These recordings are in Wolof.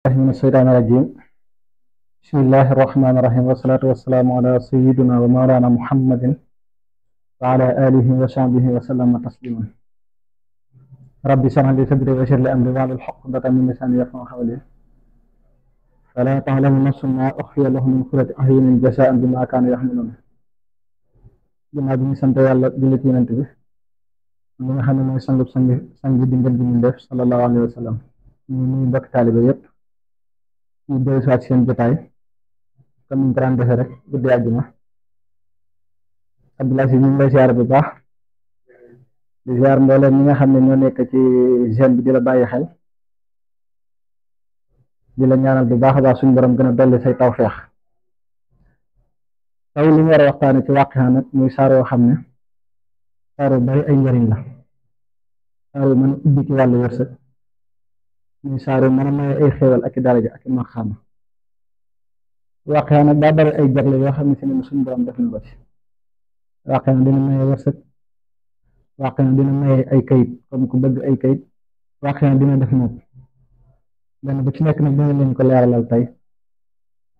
الرحيم من الرجيم بسم الله الرحمن الرحيم والصلاة والسلام على سيدنا ومولانا محمد وعلى آله وصحبه وسلم تسليما ربي اشرح لي صدري ويسر لي أمري الحق عقدة من لساني يفهم قولي فلا تعلم نفس ما أخفي له من قرة أعين جزاء بما كانوا يعملون ginnaaw bi ñu sant yàlla julli ci yonent bi li nga xam ne mooy sangub sang sangi dimbal bi ñu def sallallahu alayhi wa sallam ide suatu yang kita ini kementerian dasar budaya juga abdullah sih mulai siar bapa siar boleh nih kami nyonya kecil jam di dalam bayar hal di dalamnya ada bahasa bahasa yang beram kena beli saya tahu ya tahu lima orang tuan itu hamat misaro hamnya taruh bayar injarin lah taruh mana ubi miisaaru maramaayo ay xéewal ak daraja ak maqaama waaqee nag daa bari ay jagle yoo xamante ne suñu borom def na ko ci waaqee na dina maye wërsëg waaqee na dina maye ay kayit comme ku bëgg ay kayit waaqee na dina def noonu benn bu ci nekk nag dina leen ko leeralal tey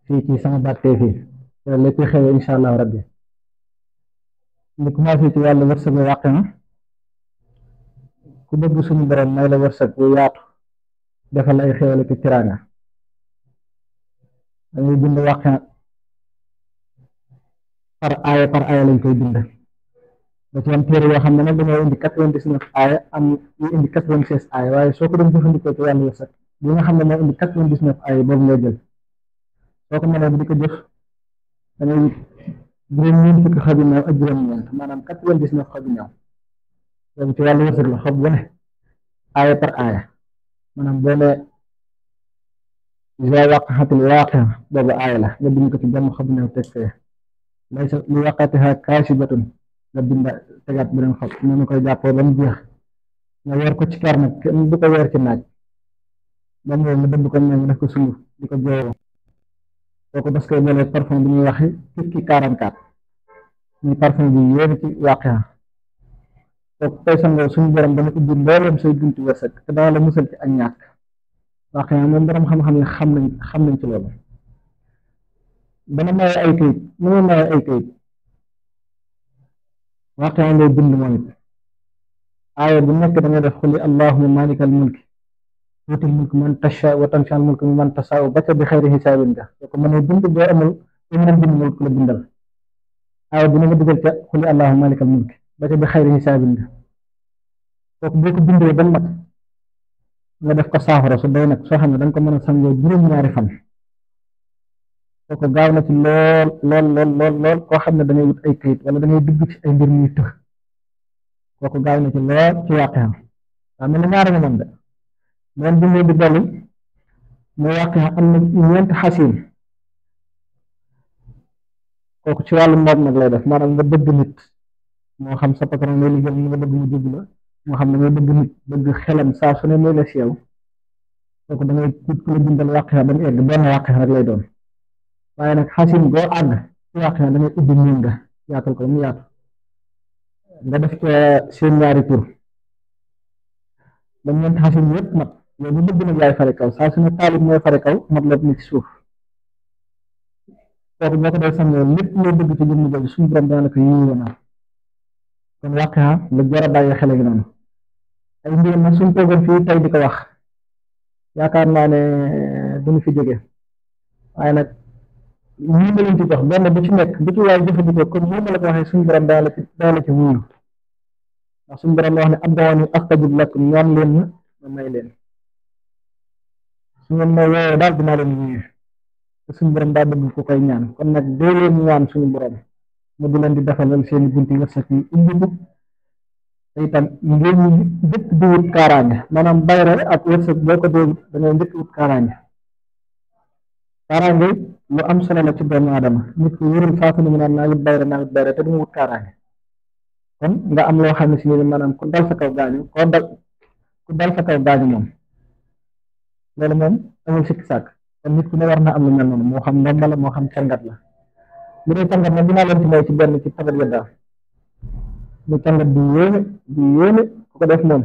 fii ci sama baat tey fii te lépp xewee incha allah rabbi li commencé ci wàllu wërsëg la waaqee na ku bëgg suñu borom may la wërsëg bu yaatu. defal ay xewal ak tiraanga ay bind waqa par ay par ay lañ koy bind da ci am téré yo xamna nak nag indi 99 ay am ñu indi 96 ay waye soko dem soo ko doon jëfandikoo ci wàllu wërsëg bi nga xam mo indi 99 ay bobu neuf ngay jël soko mëna bu diko jëf da ngay juróom ñu fukki xadina ñaaw ak juróom ñeent maanaam quatre-vingt-dix-neuf xobi ci wàllu wërsëg la xob bu ne aaya par ay maanaam boo nee iza waqaxatil waaqia boobu aay la ko ci xamna tekke ne teg fee laysa li waqatiha kaasibatun nga bind tegaat beneen xob noonu koy jàppoo ba jeex na weer ko ci kar nak kenn du ko weer ci nak ba ngeen nga ko ne nak ko sunu diko jowo jooyoo parce que parfum bi ñuy waxe fifty quarante parfum bi yéen ci waaqia te tey sangoo suñu borom dana ubbi mboolem say bunti wërsëg te dana la musal ci ak ñàkk waa xëy na moom borom xam-xam ne xam nañ xam nañ ci loolu dana maye ay kayit nu muy ay kayit waa xëy ngay bind moom it bu nekk da nga def xuli allahuma malikal mulki tuutil mulki man tasha wa tanshal mulki man tasha ba ca bi xayri xisaabin nga soo ko boo amul imran bin bu ne nga dugal ca xuli allahuma malikal mulki ba bi xayri xisaabin la kooku boo ko ba mat nga def ko saafara su doy nag soo xam nga ko mën a sangoo juróom-ñaari fan kooku gaaw na ci lool lool lool lool koo xam ne da ngay wut ay kayit wala da ngay dugg ci ay mbir kooku gaaw na ci lool ci waaqe am waaw mel na ñaari nga mën bi dolli mu waaqe am na ñeent xasin kooku ci wàllu moom nag lay def maanaam nga dëgg nit moo xam sa patron mooy liggéey mu nga bëgg mu jub la moo xam da ngay bëgg nit bëgg xelam saa su ne mooy la si yow kooku da ngay kut ku la bindal wàqxa ba mu egg benn wàqxa rek lay doon waaye nag xasim goo àgg ci wàqxa da ngay ubbi ñëw nga yaatal ko mu yaatu nga def ca seen ñaari tur ba ñeent xasim yëpp mat yow bu bëgg nag yaay fare kaw saa su ne taalib mooy fare kaw mat la ci suuf kooku boo ko dee sànnee lépp loo bëgg ci jëmm jooju suñu borom dana ko yiwanaal kon waqia lu jar a bàyyi xel gi non ay mbir ma sun toogoon fii tey di ko wax yaakaar na ne duñu fi jóge waaye nak ñi ma leen ci jox ben bu ci nek bu ci waay jëfandikoo comme ni ma la ko waxee suñu borom daa ci daa ci wuyu wax sun borom wax ne abdawani astajib lak ñaan leen ma may leen sun ma woowee dal dina leen wuyu sun suñu borom daa bëgg ku koy ñaan kon nak do leen ñaan sun borom mu di leen di defalal seeni bunti wërsëg yi indi bu te tam ngeen njëkk di wut kaaraange maanaam bayra ak wërsëg boo ko doon da ngay njëkk wut kaaraange kaaraange lu am solo la ci doomu aadama nit ku wërul faatu ni mu naan naa wut bayra naa wut bayra te du wut kaaraange kon nga am loo xam ne si ne maanaam ku dal sa kaw gaañu ko dal ku dal sa kaw gaañu moom loolu moom amul sikki sàkk kon nit ku ne war na am lu mel noonu moo xam ndomba la moo xam cengat la ಬರೀತಂಗ ಮಂದಿನಾಲ್ ಅಂತ ಸಿಬ್ಬಂದಿ ಕಿತ್ತಂಗ ಗಡ್ಡ ಬರೀತಂಗ ಬಿಯೇನ್ ಬಿಯೇನ್ ko def mom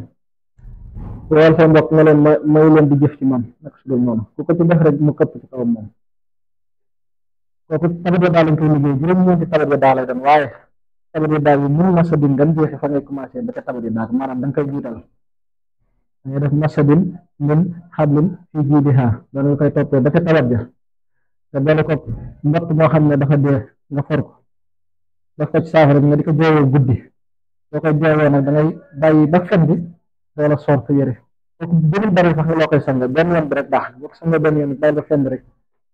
wal sa mbokk nga len may len di jëf ci mom nak su do mom ku ko ci def rek mu kep ci kaw mom koku tabat ba dalen ko liggey juroom ñeent tabat ba dalay dem waye tabat ba dal mu nak manam dang koy Ada masa dingin, masadin min hablin fi jidiha da ngay koy topé da boole ko mbott boo xamne dafa dee nga for ko def ko ci safara nga diko ko guddi boo koy joowoo nag da ngay bayyi ba fen bi loola soor sa yére kooku gënul bari sax lo koy sang ben yoon rek bax boo ko sangoo benn yoon bàyyi ba fen bi rek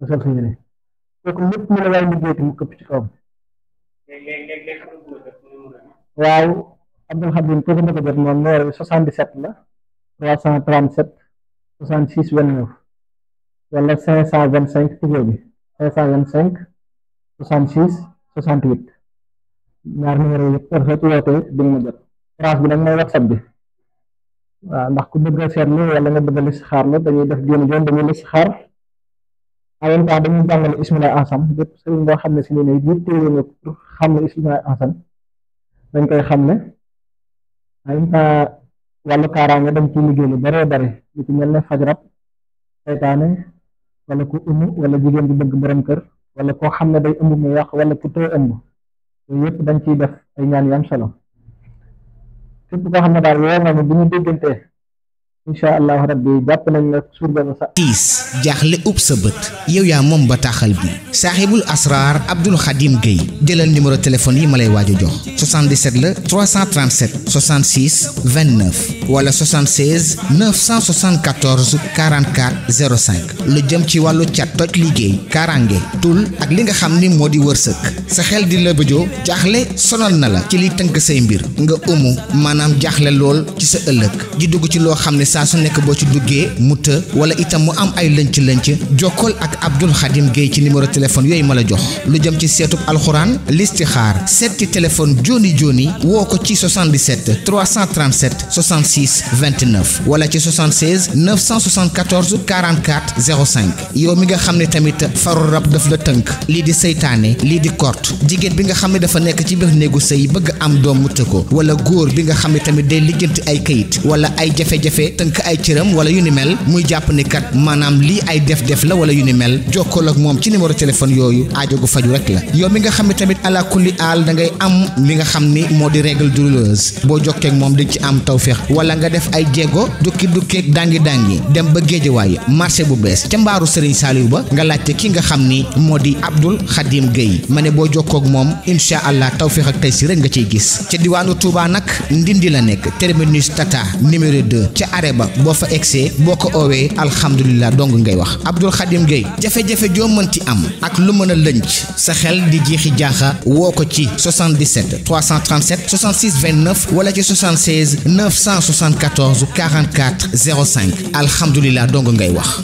nga sax ñene ko ko lepp mu la way mu jéti mu këpp ci kawam waaw Abdul Khadim ko ma ko jot mom 77 la 337 66 29 ya let's saya sank tiga ini saya akan sank susansis susantit naarmeere yëpp dafa ci woote di nga jot phrase bi nag mooy whatsapp bi waaw ndax ku bëgg a seetlu wala nga bëgg asam yëpp sëriñ boo xam ne si ne yëpp téere nga asam dañ koy xam ne en même temps wàllu kaaraange dañ ciy liggéey lu bare wala ku ëmb wala jigéen di bëgg borom kër wala koo xam ne day ëmb mu yàq wala ku të ëmb yooyu yëpp dañ ciy def ay ñaan yu am solo képp koo xam ne daal woo nga ne bu ñu déggantee incha allahu rabbi jàpp nañ nag surga na sax tiis jaaxle ub sa bët yow yaa moom ba taaxal bi saaxibul asraar Abdul Xadim Gueye jëlal numéro téléphone yi ma lay waaj a jox 77 la 337 66 29 wala 76 974 44 05 lu jëm ci wàllu cat toj liggéey kaaraange tul ak li nga xam ni moo di wër wërsëg sa xel di la bëjoo jaaxle sonal na la ci liy tënk say mbir nga umu maanaam jaaxle lool ci sa ëllëg di dugg ci loo xam ne saa su nekk boo ci duggee mu të wala itam mu am ay lënc-lënc jokkool ak Abdul Xadim Guèye ci numéro téléphone yooyu ma la jox lu jëm ci seetub alxuraan listixaar seet ci téléphone jooni jooni woo ko ci 77 337 66 29 wala ci 76 974 44 05 yow mi nga xam ne tamit farul rab daf la tënk lii di seytaane lii di kort jigéen bi nga xam ne dafa nekk ci biir néegu sëy bëgg am doom mu ko wala góor bi nga xam ne tamit day lijjanti ay kayit wala ay jafe-jafe teunk ay cëram wala yu ni mel muy japp ni kat manam li ay def-def la wala yu ni mel jokkol ak mom ci numéro téléphone yoyu a gu faju rek la yow mi nga xamni tamit ala kulli al da ngay am li nga xamni modi règle douloureuse bo jokke ak mom di ci am tawfiq wala nga def ay jéego duki duki dangi dangi dem ba way marché bu bees ci mbaru Serigne Saliou ba nga laccé ki nga xamni modi abdul Khadim Gueye mané bo jokko ak mom allah tawféex ak tay si rek nga ci gis ci diwanu Touba nak ndindi la nek terminus tata numéro 2 ci arrêt xare ba boo fa egsee boo ko oowee alhamdulilah dong ngay wax Abdul Xadim Gueye jafe-jafe joo mënti am ak lu mën a lënc sa xel di jiixi jaaxa woo ko ci 77 337 66 29 wala ci 76 974 44 05 alhamdulilah dong ngay wax.